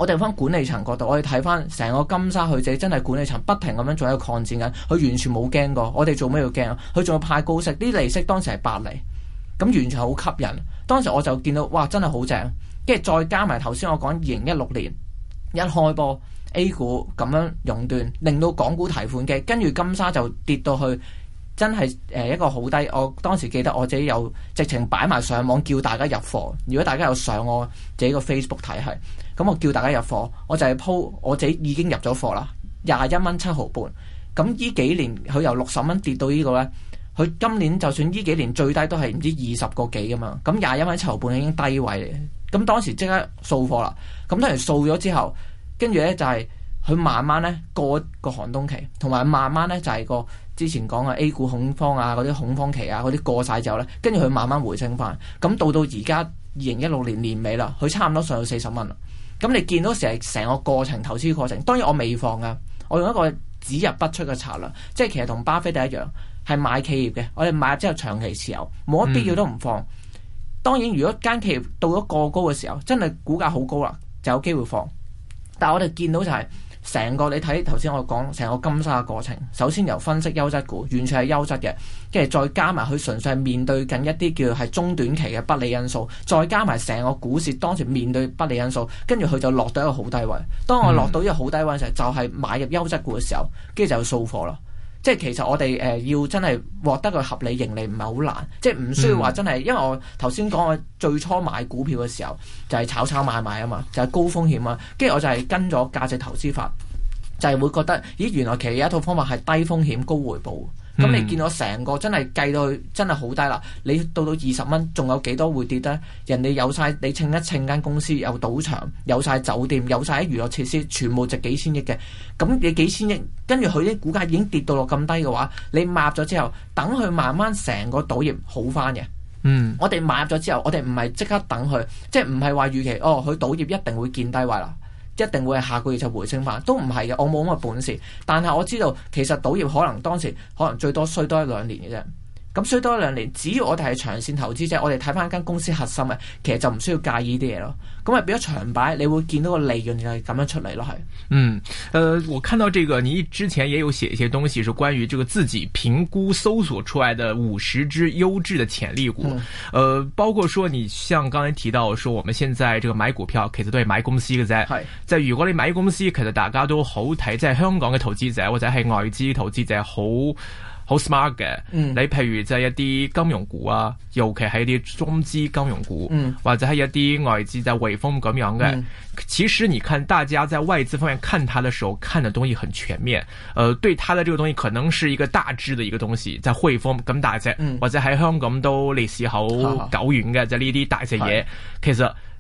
我哋翻管理層角度，我哋睇翻成個金沙，佢就真係管理層不停咁樣做一個擴展緊，佢完全冇驚過。我哋做咩要驚？佢仲要派高息，啲利息當時係八釐，咁完全好吸引。當時我就見到，哇，真係好正。跟住再加埋頭先我講二零一六年一開波 A 股咁樣熔斷，令到港股提款機，跟住金沙就跌到去。真係誒一個好低，我當時記得我自己有直情擺埋上網叫大家入貨。如果大家有上我自己個 Facebook 睇，係，咁我叫大家入貨，我就係 po 我自己已經入咗貨啦，廿一蚊七毫半。咁依幾年佢由六十蚊跌到呢個呢，佢今年就算依幾年最低都係唔知二十個幾㗎嘛。咁廿一蚊七毫半已經低位。咁當時即刻掃貨啦，咁當然掃咗之後，跟住呢就係佢慢慢呢過個寒冬期，同埋慢慢呢就係、是、個。之前講嘅 A 股恐慌啊，嗰啲恐慌期啊，嗰啲過晒之後呢，跟住佢慢慢回升翻。咁到到而家二零一六年年尾啦，佢差唔多上到四十蚊啦。咁你見到成成個過程，投資過程，當然我未放嘅，我用一個只入不出嘅策略，即係其實同巴菲特一樣，係買企業嘅。我哋買之後長期持有，冇乜必要都唔放。嗯、當然，如果間企業到咗過高嘅時候，真係股價好高啦，就有機會放。但我哋見到就係、是。成個你睇頭先我講成個金沙嘅過程，首先由分析優質股，完全係優質嘅，跟住再加埋佢純粹係面對緊一啲叫做係中短期嘅不利因素，再加埋成個股市當時面對不利因素，跟住佢就落到一個好低位。當我落到一個好低位嘅時候，就係買入優質股嘅時候，跟住就掃貨啦。即係其實我哋誒、呃、要真係獲得個合理盈利唔係好難，即係唔需要話真係，因為我頭先講我最初買股票嘅時候就係、是、炒炒買買啊嘛，就係、是、高風險嘛。跟住我就係跟咗價值投資法，就係、是、會覺得咦，原來其實有一套方法係低風險高回報。咁、嗯、你見到成個真係計到去真係好低啦。你到到二十蚊，仲有幾多會跌咧？人哋有晒，你稱一稱間公司有賭場，有晒酒店，有晒啲娛樂設施，全部值幾千億嘅。咁你幾千億，跟住佢啲股價已經跌到落咁低嘅話，你買咗之後，等佢慢慢成個賭業好翻嘅。嗯，我哋買咗之後，我哋唔係即刻等佢，即係唔係話預期哦，佢賭業一定會見低位啦。一定會係下個月就回升返，都唔係嘅。我冇乜本事，但係我知道其實賭業可能當時可能最多衰多一兩年嘅啫。咁所以多兩年，只要我哋係長線投資者，我哋睇翻一間公司核心嘅，其實就唔需要介意啲嘢咯。咁啊，變咗長擺，你會見到個利潤，就係咁樣出嚟咯，係。嗯，誒、呃，我看到這個，你之前也有寫一些東西，是關於這個自己評估搜索出來的五十隻優質的潛力股。誒、呃，包括說，你像剛才提到，說我們現在這個買股票其實都係買公司嘅啫。係是，即係如果你買公司，其實大家都好睇，即係香港嘅投資者或者係外資投資者好。好 smart 嘅，你譬如就係一啲金融股啊，尤其係一啲中資金融股，嗯、或者係一啲外資就匯豐咁樣嘅。其實你看大家在外資方面看佢嘅時候，看嘅東西很全面。呃，對，佢嘅呢個東西可能是一個大隻嘅一個東西，就匯豐咁大隻，或者喺香港都歷史好久遠嘅，就呢啲大隻嘢，其實。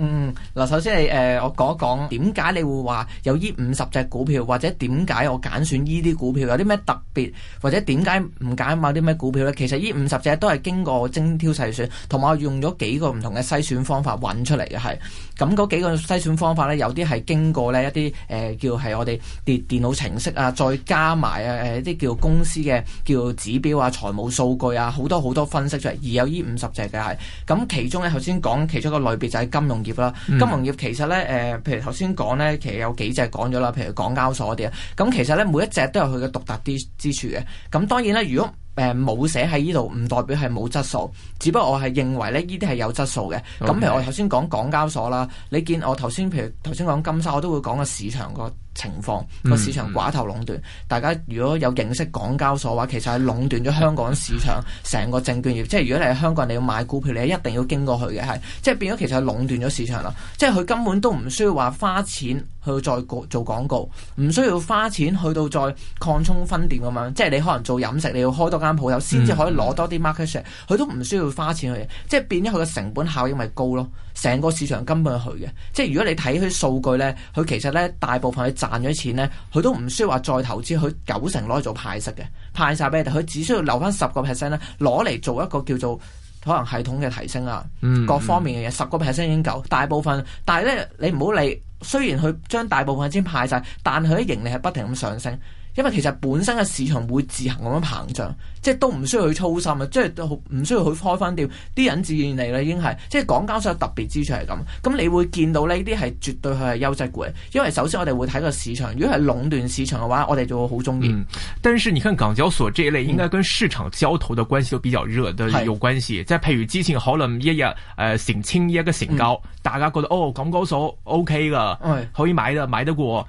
嗯，嗱，首先係誒、呃，我講一講點解你會話有依五十隻股票，或者點解我揀選依啲股票有啲咩特別，或者點解唔揀買啲咩股票咧？其實依五十隻都係經過我精挑細選同埋我用咗幾個唔同嘅篩選方法揾出嚟嘅，係咁嗰幾個篩選方法咧，有啲係經過咧一啲誒、呃、叫係我哋電電腦程式啊，再加埋啊誒啲叫公司嘅叫指標啊、財務數據啊，好多好多分析出嚟而有依五十隻嘅，係咁其中咧，頭先講其中一個類別就係金融業啦，金融業其實咧，誒、呃，譬如頭先講咧，其實有幾隻講咗啦，譬如港交所啲啊，咁其實咧，每一隻都有佢嘅獨特啲之處嘅。咁當然咧，如果誒冇、呃、寫喺呢度，唔代表係冇質素，只不過我係認為咧，呢啲係有質素嘅。咁譬如我頭先講港交所啦，Okay. 你見我頭先譬如頭先講金沙，我都會講個市場個情況個市場寡頭壟斷，大家如果有認識港交所嘅話，其實係壟斷咗香港市場成個證券業。即係如果你係香港人，你要買股票，你一定要經過佢嘅係，即係變咗其實係壟斷咗市場啦。即係佢根本都唔需要話花錢去再做廣告，唔需要花錢去到再擴充分店咁樣。即係你可能做飲食，你要開多間鋪頭先至可以攞多啲 market share，佢、嗯、都唔需要花錢去，即係變咗佢嘅成本效益咪高咯。成個市場根本係佢嘅，即係如果你睇佢數據呢，佢其實呢大部分佢賺咗錢呢，佢都唔需要話再投資佢九成攞去做派息嘅，派晒俾你。佢只需要留翻十個 percent 呢，攞嚟做一個叫做可能系統嘅提升啊，各方面嘅嘢十個 percent 已經夠，大部分，但係呢，你唔好理，雖然佢將大部分先派晒，但佢啲盈利係不停咁上升。因為其實本身嘅市場會自行咁樣膨脹，即係都唔需要去操心啊，即係都唔需要去開翻店，啲人自然嚟啦，已經係即係港交所特別之處係咁。咁你會見到呢啲係絕對係優質股，因為首先我哋會睇個市場，如果係壟斷市場嘅話，我哋就會好中意。但是你看港交所這一類，應該跟市場交投的關係都比較熱的，嗯、有關係，再譬如之前可能一日誒新青一個新高，嗯、大家覺得哦港交所 OK 噶，可以買嘅買，買得過。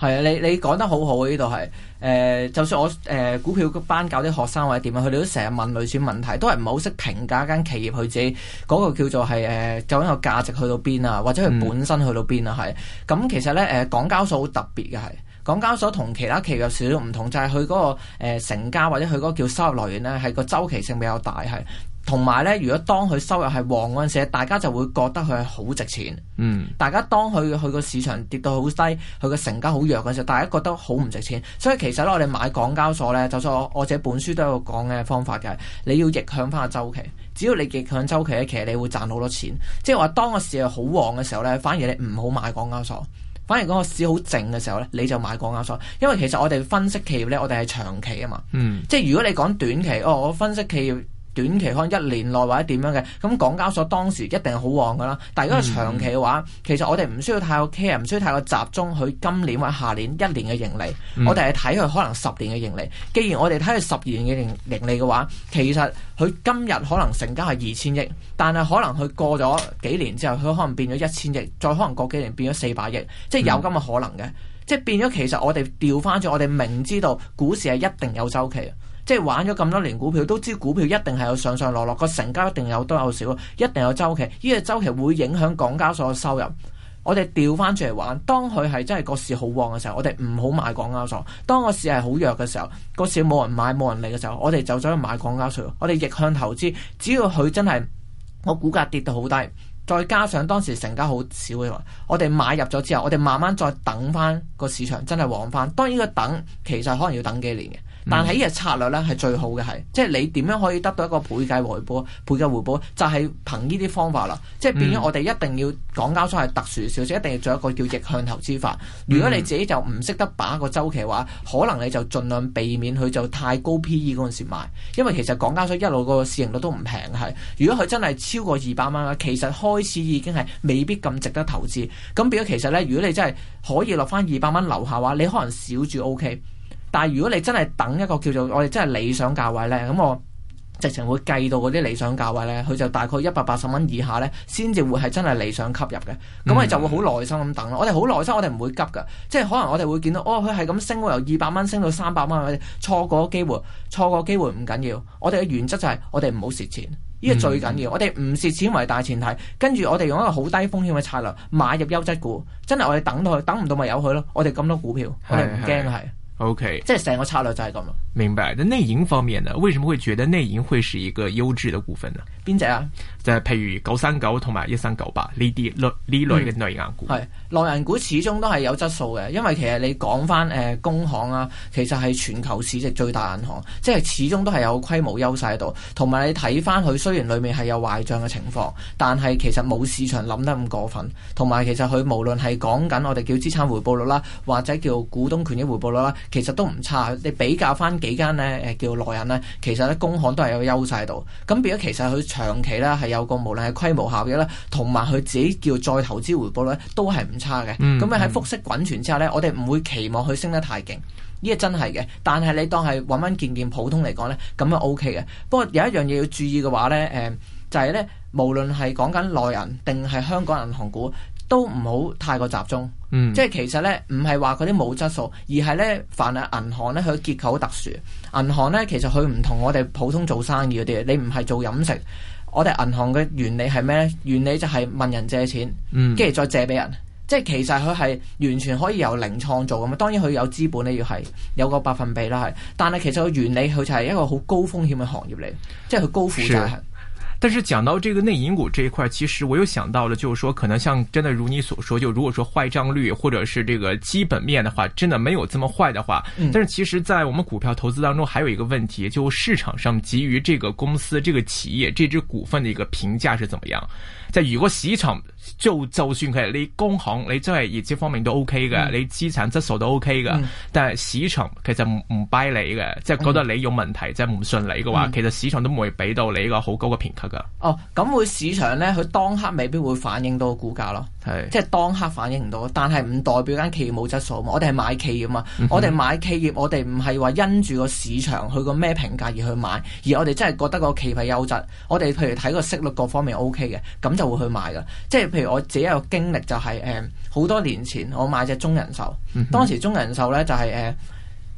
係啊，你你講得好好啊！呢度係誒，就算我誒、呃、股票班教啲學生或者點樣，佢哋都成日問類似問題，都係唔係好識評價一間企業佢自己嗰、嗰個叫做係誒、呃、究竟個價值去到邊啊，或者佢本身去到邊啊？係。咁其實咧誒、呃，港交所好特別嘅係，港交所同其他企業有少少唔同，就係佢嗰個成交或者佢嗰個叫收入來源咧，係個周期性比較大係。同埋咧，如果當佢收入係旺嗰陣時，大家就會覺得佢係好值錢。嗯，大家當佢佢個市場跌到好低，佢個成交好弱嗰時候，大家覺得好唔值錢。所以其實咧，我哋買港交所咧，就算、是、我我這本書都有講嘅方法嘅，你要逆向返個周期。只要你逆向周期咧，其實你會賺好多錢。即係話，當個市係好旺嘅時候咧，反而你唔好買港交所；反而嗰個市好靜嘅時候咧，你就買港交所。因為其實我哋分析企業咧，我哋係長期啊嘛。嗯，即係如果你講短期，哦，我分析企業。短期可能一年內或者點樣嘅，咁港交所當時一定係好旺噶啦。但係如果係長期嘅話，嗯、其實我哋唔需要太過 care，唔需要太過集中佢今年或者下年一年嘅盈利。嗯、我哋係睇佢可能十年嘅盈利。既然我哋睇佢十年嘅盈盈利嘅話，其實佢今日可能成交係二千億，但係可能佢過咗幾年之後，佢可能變咗一千億，再可能過幾年變咗四百億，即係有咁嘅可能嘅。嗯、即係變咗，其實我哋調翻轉，我哋明知道股市係一定有週期。即係玩咗咁多年股票，都知股票一定係有上上落落，個成交一定有多有少，一定有週期。呢個週期會影響港交所嘅收入。我哋調翻出嚟，玩，當佢係真係個市好旺嘅時候，我哋唔好買港交所；當個市係好弱嘅時候，個市冇人買冇人嚟嘅時候，我哋就走去買港交所。我哋逆向投資，只要佢真係個股價跌到好低，再加上當時成交好少嘅話，我哋買入咗之後，我哋慢慢再等翻個市場真係旺翻。當然個等其實可能要等幾年嘅。但係呢個策略呢係最好嘅係，即係你點樣可以得到一個倍計回報？倍計回報就係憑呢啲方法啦。嗯、即係變咗我哋一定要港交所係特殊少少，一定要做一個叫逆向投資法。如果你自己就唔識得把個周期嘅話，可能你就盡量避免佢就太高 PE 嗰陣時買，因為其實港交所一路個市盈率都唔平嘅。係如果佢真係超過二百蚊咧，其實開始已經係未必咁值得投資。咁變咗其實呢，如果你真係可以落翻二百蚊樓下，留下話，你可能少住 OK。但係如果你真係等一個叫做我哋真係理想價位呢，咁我直情會計到嗰啲理想價位呢，佢就大概一百八十蚊以下呢，先至會係真係理想吸入嘅。咁我就會好耐心咁等咯。我哋好耐心，我哋唔會急噶。即係可能我哋會見到哦，佢係咁升，由二百蚊升到三百蚊，我哋錯過機會，錯過機會唔緊要。我哋嘅原則就係我哋唔好蝕錢，呢個最緊要。我哋唔蝕錢為大前提，跟住我哋用一個好低風險嘅策略買入優質股。真係我哋等到佢，等唔到咪由佢咯。我哋咁多股票，我哋唔驚係。O.K.，即係成個策略就係咁咯。明白。咁內銀方面呢？為什麼會覺得內銀會是一個優質嘅股份呢？邊隻啊？就係譬如九三九同埋一三九八呢啲類呢類嘅內銀股。係內銀股始終都係有質素嘅，因為其實你講翻誒工行啊，其實係全球市值最大銀行，即係始終都係有規模優勢喺度。同埋你睇翻佢，雖然裏面係有壞賬嘅情況，但係其實冇市場諗得咁過分。同埋其實佢無論係講緊我哋叫資產回報率啦，或者叫股東權益回報率啦。其實都唔差，你比較翻幾間咧，誒叫內銀咧，其實咧工行都係有優勢度。咁變咗其實佢長期咧係有個無論係規模效益咧，同埋佢自己叫再投資回報率都係唔差嘅。咁樣喺複息滾存之下咧，我哋唔會期望佢升得太勁，呢個真係嘅。但係你當係揾揾件件普通嚟講咧，咁樣 O K 嘅。不過有一樣嘢要注意嘅話咧，誒就係、是、咧無論係講緊內銀定係香港銀行股。都唔好太過集中，嗯、即係其實呢，唔係話佢啲冇質素，而係呢，凡係銀行呢，佢結構好特殊。銀行呢，其實佢唔同我哋普通做生意嗰啲，你唔係做飲食。我哋銀行嘅原理係咩呢？原理就係問人借錢，跟住再借俾人。嗯、即係其實佢係完全可以由零創造咁嘛。當然佢有資本呢，要係有個百分比啦，係。但係其實個原理佢就係一個好高風險嘅行業嚟，即係佢高負債。Sure. 但是講到這個內銀股這一塊，其實我又想到了，就是說，可能像真的如你所說，就如果說壞賬率或者是這個基本面的話，真的沒有這麼壞的話，但是其實，在我們股票投資當中，還有一個問題，就市場上給予這個公司、這個企業、這支股份的一個評價是怎麼樣？即如果市場就就算係你工行，你即係業績方面都 OK 嘅，你資產質素都 OK 嘅，但係市場其實唔唔 buy 你嘅，即係覺得你有問題，即係唔信你嘅話，其實市場都唔會俾到你一個好高嘅評級。哦，咁會市場咧，佢當刻未必會反映到個股價咯，係是即係當刻反映唔到，但係唔代表間企業冇質素嘛。我哋係買企業噶嘛，嗯、哼我哋買企業，我哋唔係話因住個市場去個咩評價而去買，而我哋真係覺得個企業優質，我哋譬如睇個息率各方面 O K 嘅，咁就會去買噶。即係譬如我自己一個經歷就係、是，誒、呃，好多年前我買隻中人壽，當時中人壽咧就係、是、誒。呃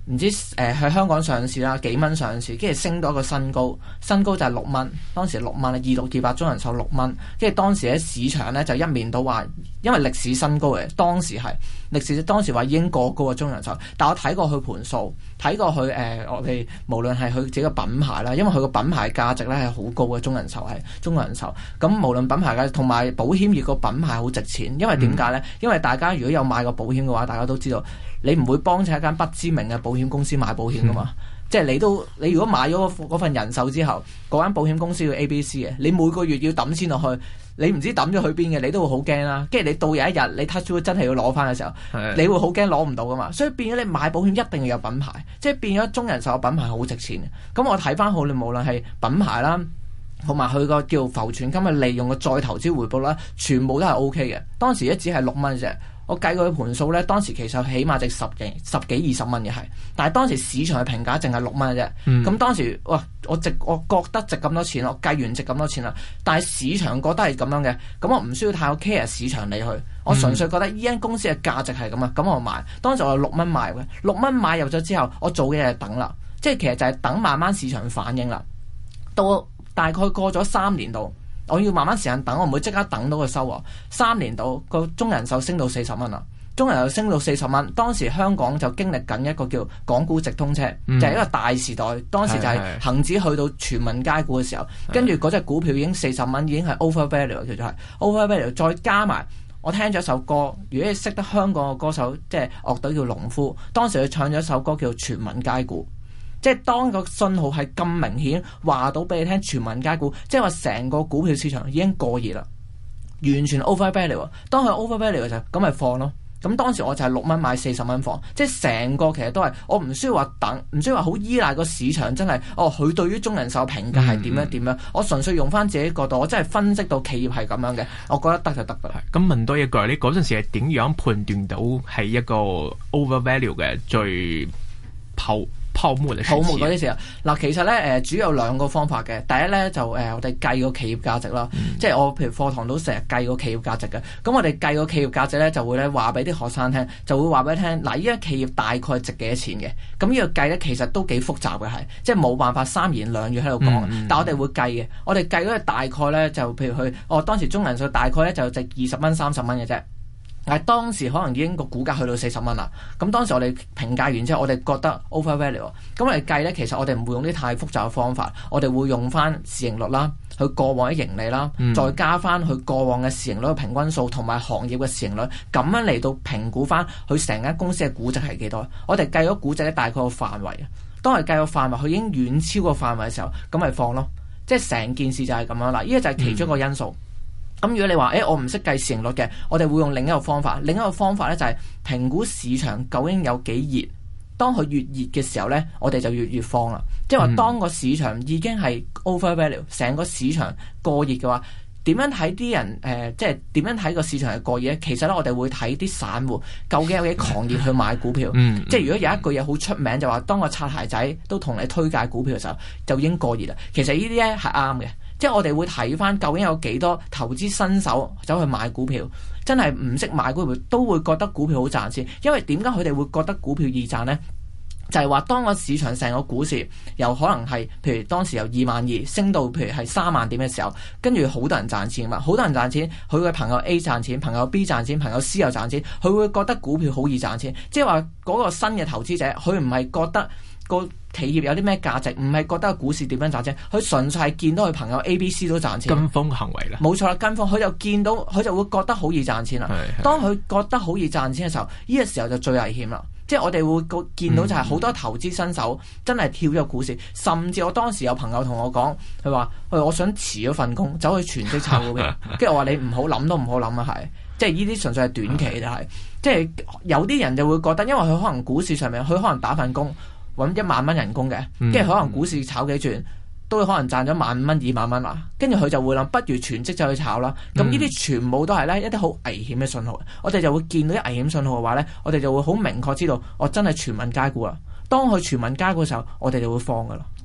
唔知誒喺、呃、香港上市啦，幾蚊上市，跟住升到一個新高，新高就係六蚊，當時六蚊啦，二六二八中人壽六蚊，跟住當時喺市場咧就一面倒話。因為歷史新高嘅，當時係歷史，當時話已經過高嘅中人壽，但我睇過佢盤數，睇過佢誒、呃，我哋無論係佢自己嘅品牌啦，因為佢個品牌價值咧係好高嘅，中人壽係中國人壽。咁無論品牌價值，同埋保險業個品牌好值錢，因為點解呢？嗯、因為大家如果有買過保險嘅話，大家都知道你唔會幫襯一間不知名嘅保險公司買保險噶嘛。嗯。即係你都，你如果買咗嗰份人壽之後，嗰間保險公司叫 A、B、C 嘅，你每個月要抌錢落去，你唔知抌咗去邊嘅，你都會好驚啦。跟住你到有一日你 touch 到真係要攞翻嘅時候，的你會好驚攞唔到噶嘛。所以變咗你買保險一定要有品牌，即係變咗中人壽嘅品牌好值錢。咁我睇翻好，你無論係品牌啦，同埋佢個叫浮存金嘅利用嘅再投資回報啦，全部都係 O K 嘅。當時一紙係六蚊啫。我計過佢盤數呢，當時其實起碼值十幾、十幾二十蚊嘅係，但係當時市場嘅評價淨係六蚊嘅啫。咁、嗯、當時，哇！我值，我覺得值咁多錢我計完值咁多錢啦。但係市場覺得係咁樣嘅，咁我唔需要太過 care 市場你去。我純粹覺得呢間公司嘅價值係咁啊，咁、嗯、我買。當時我有六蚊買嘅，六蚊買入咗之後，我做嘅就等啦，即係其實就係等慢慢市場反應啦。到大概過咗三年度。我要慢慢時間等，我唔會即刻等到佢收。三年到個中人壽升到四十蚊啦，中人壽升到四十蚊。當時香港就經歷緊一個叫港股直通車，嗯、就係一個大時代。當時就係恆指去到全民皆股嘅時候，跟住嗰隻股票已經四十蚊，已經係 over value，叫做係 over value。再加埋我聽咗一首歌，如果你識得香港嘅歌手，即係樂隊叫農夫，當時佢唱咗一首歌叫《全民皆股》。即係當個信號係咁明顯，話到俾你聽，全民皆股，即係話成個股票市場已經過熱啦，完全 overvalued 喎。當佢 overvalued 嘅時候，咁咪放咯。咁當時我就係六蚊買四十蚊放，即係成個其實都係我唔需要話等，唔需要話好依賴個市場，真係哦。佢對於中人壽評價係點樣點樣，嗯，點樣？我純粹用返自己角度，我真係分析到企業係咁樣嘅，我覺得得就得㗎啦。咁問多一句，你嗰陣時係點樣判斷到係一個 overvalued 嘅最泡沫嚟，泡沫嗰啲時候，嗱其實咧誒、呃，主要有兩個方法嘅。第一咧就誒、呃，我哋計個企業價值啦，嗯、即係我譬如課堂都成日計個企業價值嘅。咁我哋計個企業價值咧，就會咧話俾啲學生聽，就會話俾佢聽，嗱依家企業大概值幾多錢嘅。咁呢個計咧其實都幾複雜嘅，係即係冇辦法三言兩語喺度講。嗯、但我哋會計嘅，我哋計嗰個大概咧就譬如佢，我、哦、當時中人數大概咧就值二十蚊三十蚊嘅啫。但係當時可能已經個股價去到四十蚊啦，咁當時我哋評價完之後，我哋覺得 overvalued，咁嚟計呢，其實我哋唔會用啲太複雜嘅方法，我哋會用翻市盈率啦，佢過往嘅盈利啦，嗯、再加翻佢過往嘅市盈率嘅平均數同埋行業嘅市盈率，咁樣嚟到評估翻佢成間公司嘅估值係幾多，我哋計咗估值呢，大概個範圍，當係計個範圍佢已經遠超過範圍嘅時候，咁咪放咯，即係成件事就係咁樣啦。呢個就係其中一個因素。嗯咁如果你話，誒、欸、我唔識計市盈率嘅，我哋會用另一個方法。另一個方法咧就係、是、評估市場究竟有幾熱。當佢越熱嘅時候咧，我哋就越越慌啦。即係話當個市場已經係 overvalue，成個市場過熱嘅話，點樣睇啲人誒、呃？即係點樣睇個市場係過熱咧？其實咧，我哋會睇啲散戶究竟有幾狂熱去買股票。嗯嗯嗯、即係如果有一句嘢好出名，就話、是、當個擦鞋仔都同你推介股票嘅時候，就已經過熱啦。其實呢啲咧係啱嘅。即係我哋會睇翻究竟有幾多投資新手走去買股票，真係唔識買股票都會覺得股票好賺錢。因為點解佢哋會覺得股票易賺呢？就係話當個市場成個股市由可能係譬如當時由二萬二升到譬如係三萬點嘅時候，跟住好多人賺錢嘛，好多人賺錢。佢嘅朋友 A 賺錢，朋友 B 賺錢，朋友 C 又賺錢，佢會覺得股票好易賺錢。即係話嗰個新嘅投資者，佢唔係覺得個。企業有啲咩價值？唔係覺得股市點樣賺錢，佢純粹係見到佢朋友 A、B、C 都賺錢。跟風行為啦，冇錯啦，跟風佢就見到佢就會覺得好易賺錢啦。是是是，當佢覺得好易賺錢嘅時候，呢、呢個時候就最危險啦。即係我哋會個見到就係好多投資新手真係跳咗股市，嗯嗯甚至我當時有朋友同我講，佢話：，佢我想辭咗份工，走去全職炒股。跟住 我話你唔好諗都唔好諗啊，係即係呢啲純粹係短期 就係、係，即係有啲人就會覺得，因為佢可能股市上面，佢可能打份工。揾一萬蚊人工嘅，跟住可能股市炒幾轉，都可能賺咗萬五蚊、二萬蚊啦。跟住佢就會諗，不如全職就去炒啦。咁呢啲全部都係呢一啲好危險嘅信號。我哋就會見到啲危險信號嘅話呢，我哋就會好明確知道，我真係全民皆股啦。當佢全民皆股嘅時候，我哋就會放㗎喇。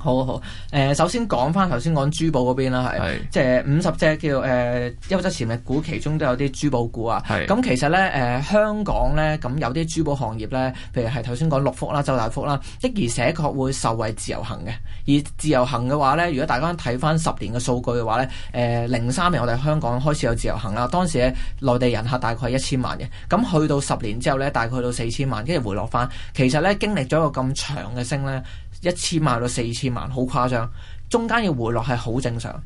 好好，誒、呃，首先講翻頭先講珠寶嗰邊啦，係是，即係五十隻叫誒，因為之前股其中都有啲珠寶股啊，咁是其實咧，誒、呃，香港咧，咁有啲珠寶行業咧，譬如係頭先講六福啦、周大福啦，的而且確會受惠自由行嘅。而自由行嘅話咧，如果大家睇翻十年嘅數據嘅話咧，誒、呃，零三年我哋香港開始有自由行啦，當時咧內地人客大概一千萬嘅，咁去到十年之後咧，大概去到四千萬，跟住回落翻，其實咧經歷咗一個咁長嘅升咧。一千萬到四千萬好誇張，中間嘅回落係好正常。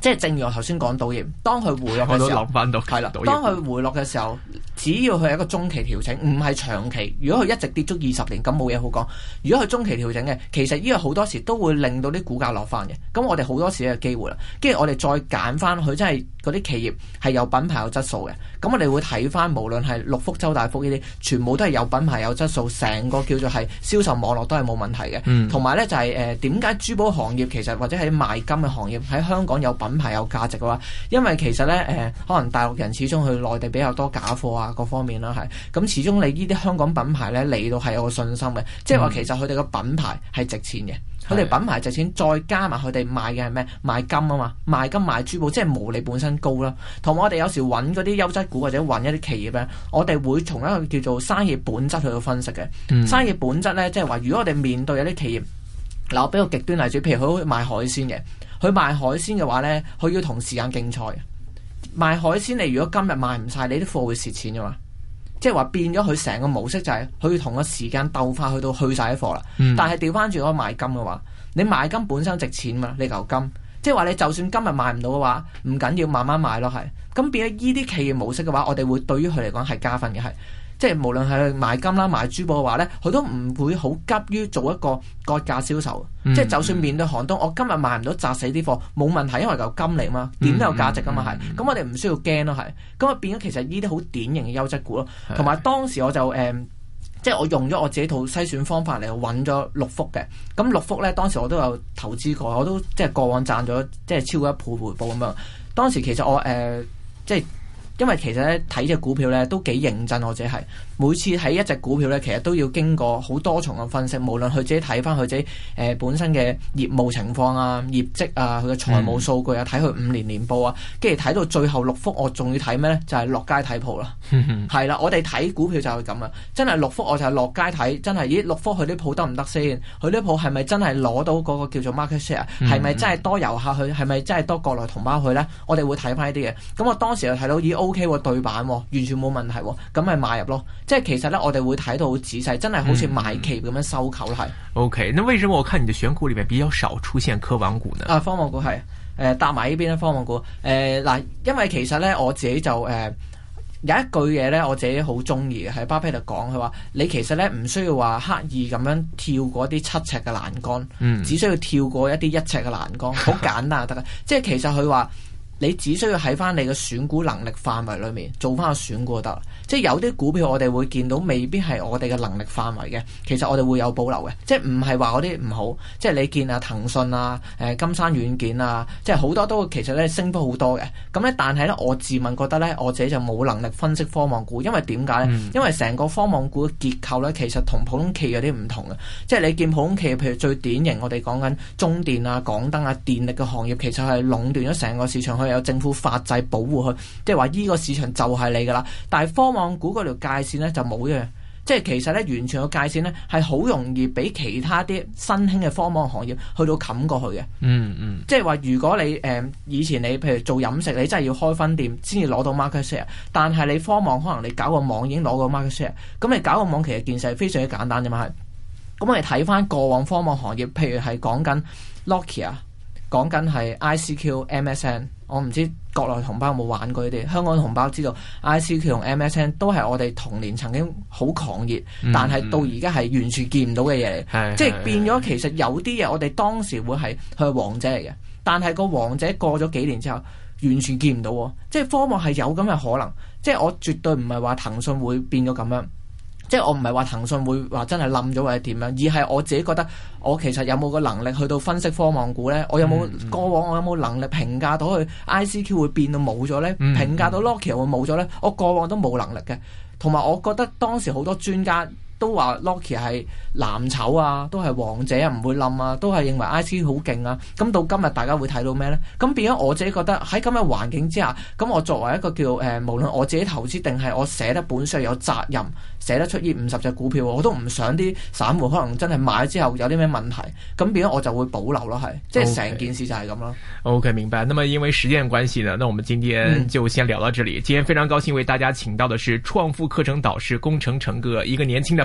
即係正如我頭先講到嘢，當佢回落嘅時候，係當佢回落嘅時候，只要佢係一個中期調整，唔係長期。如果佢一直跌足二十年，咁冇嘢好講。如果佢中期調整嘅，其實呢個好多時都會令到啲股價落翻嘅。咁我哋好多時都有機會啦，跟住我哋再揀翻佢，真係嗰啲企業係有品牌有質素嘅。咁我哋會睇翻，無論係六福、周大福呢啲，全部都係有品牌有質素，成個叫做係銷售網絡都係冇問題嘅。同埋、嗯、呢，就係、係、誒，呃、點解珠寶行業其實或者係賣金嘅行業喺香港有品牌有價值嘅話，因為其實咧誒、呃，可能大陸人始終去內地比較多假貨啊各方面啦，係咁始終你呢啲香港品牌咧嚟到係有個信心嘅，即係話其實佢哋個品牌係值錢嘅，佢哋、嗯、品牌值錢，再加埋佢哋賣嘅係咩？賣金啊嘛，賣金賣珠寶，即係毛利本身高啦。同我哋有時揾嗰啲優質股或者揾一啲企業咧，我哋會從一個叫做生意本質去到分析嘅。嗯、生意本質咧，即係話如果我哋面對有啲企業嗱，我俾個極端例子，譬如佢賣海鮮嘅。佢賣海鮮嘅話呢，佢要同時間競賽。賣海鮮你如果今日賣唔晒，你啲貨會蝕錢嘅嘛。即係話變咗佢成個模式就係佢要同個時間鬥快去到去晒啲貨啦。嗯，但係調翻轉嗰賣金嘅話，你賣金本身值錢嘛，你嚿金。即係話你就算今日賣唔到嘅話，唔緊要，慢慢賣咯，係。咁變咗依啲企業模式嘅話，我哋會對於佢嚟講係加分嘅，係。即係無論係賣金啦賣珠寶嘅話呢佢都唔會好急於做一個割價銷售。嗯、即係就算面對寒冬，我今日賣唔到砸死啲貨冇問題，因為有金嚟嘛，點都有價值噶嘛係。咁、嗯嗯嗯、我哋唔需要驚咯係。咁啊變咗其實呢啲好典型嘅優質股咯。同埋當時我就誒、嗯，即係我用咗我自己套篩選方法嚟揾咗六福嘅。咁六福呢，當時我都有投資過，我都即係過往賺咗即係超過一倍回報咁樣。當時其實我誒、呃、即係。因為其實咧睇隻股票咧都幾認真，或者係。每次睇一隻股票咧，其實都要經過好多重嘅分析。無論佢自己睇翻佢自己誒、呃、本身嘅業務情況啊、業績啊、佢嘅財務數據啊，睇佢五年年報啊，跟住睇到最後六福我、就是， 我仲要睇咩咧？就係落街睇鋪啦，係啦，我哋睇股票就係咁啊！真係六福我就落街睇，真係咦六福佢啲鋪得唔得先？佢啲鋪係咪真係攞到嗰個叫做 market share？係咪、嗯、真係多遊客去？係咪真係多國內同胞去咧？我哋會睇翻呢啲嘢。咁我當時就睇到咦 OK 喎，對版喎、哦，完全冇問題喎、哦，咁咪買入咯。即係其實咧，我哋會睇到好仔細，真係好似買期咁樣收購啦。O K，咁，是 okay，為什麼我看你嘅選股裏面比較少出現科網股呢？啊，科網股係誒、呃、搭埋呢邊、呃、啦，科網股誒嗱，因為其實咧我自己就誒、呃、有一句嘢咧，我自己好中意喺巴菲特講佢話，你其實咧唔需要話刻意咁樣跳過一啲七尺嘅欄杆，嗯、只需要跳過一啲一尺嘅欄杆，好簡單就得噶。即係 其實佢話，你只需要喺翻你嘅選股能力範圍裏面做翻個選股就得。即係有啲股票我哋會見到未必係我哋嘅能力範圍嘅，其實我哋會有保留嘅，即係唔係話嗰啲唔好，即係你見啊騰訊啊、誒金山軟件啊，即係好多都其實咧升幅好多嘅。咁咧，但係咧我自問覺得咧，我自己就冇能力分析科網股，因為點解咧？嗯、因為成個科網股嘅結構咧，其實同普通企業有啲唔同嘅，即係你見普通企業譬如最典型，我哋講緊中電啊、港燈啊、電力嘅行業其實係壟斷咗成個市場佢有政府法制保護佢，即係話呢個市場就係你噶啦。但係科網股嗰條界線咧就冇嘅，即係其實咧完全個界線咧係好容易俾其他啲新興嘅科網行業去到冚過去嘅。嗯嗯、mm，hmm. 即係話如果你誒、呃、以前你譬如做飲食你真係要開分店先至攞到 market share，但係你科網可能你搞個網已經攞個 market share，咁你搞個網其實件事係非常之簡單嘅嘛。咁我哋睇翻過往科網行業，譬如係講緊 Nokia，講緊係 ICQ、MSN。我唔知國內同胞有冇玩過呢啲，香港同胞知道 ICQ 同 MSN 都係我哋童年曾經好狂熱，嗯、但係到而家係完全見唔到嘅嘢嚟，即係、嗯、變咗。其實有啲嘢我哋當時會係佢係王者嚟嘅，但係個王者過咗幾年之後，完全見唔到喎。即、就、係、是、科網係有咁嘅可能，即、就、係、是、我絕對唔係話騰訊會變咗咁樣。即係我唔係話騰訊會話真係冧咗或者點樣，而係我自己覺得我其實有冇個能力去到分析科網股呢？我有冇、嗯、過往我有冇能力評價到佢 ICQ 會變到冇咗呢？評價、嗯、到 lock、ok、其實會冇咗呢？我過往都冇能力嘅，同埋我覺得當時好多專家。都話 Loki 係藍籌啊，都係王者啊，唔會冧啊，都係認為 IC 好勁啊。咁到今日大家會睇到咩呢？咁變咗我自己覺得喺咁嘅環境之下，咁我作為一個叫誒、呃，無論我自己投資定係我寫得本書有責任寫得出於五十隻股票，我都唔想啲散戶可能真係買咗之後有啲咩問題。咁變咗我就會保留咯，係即係成件事就係咁咯。Okay. OK，明白。那麼因為時間關係呢，那我們今天就先聊到這裡。嗯、今天非常高興為大家請到的是創富課程導師龔成哥，一個年輕的。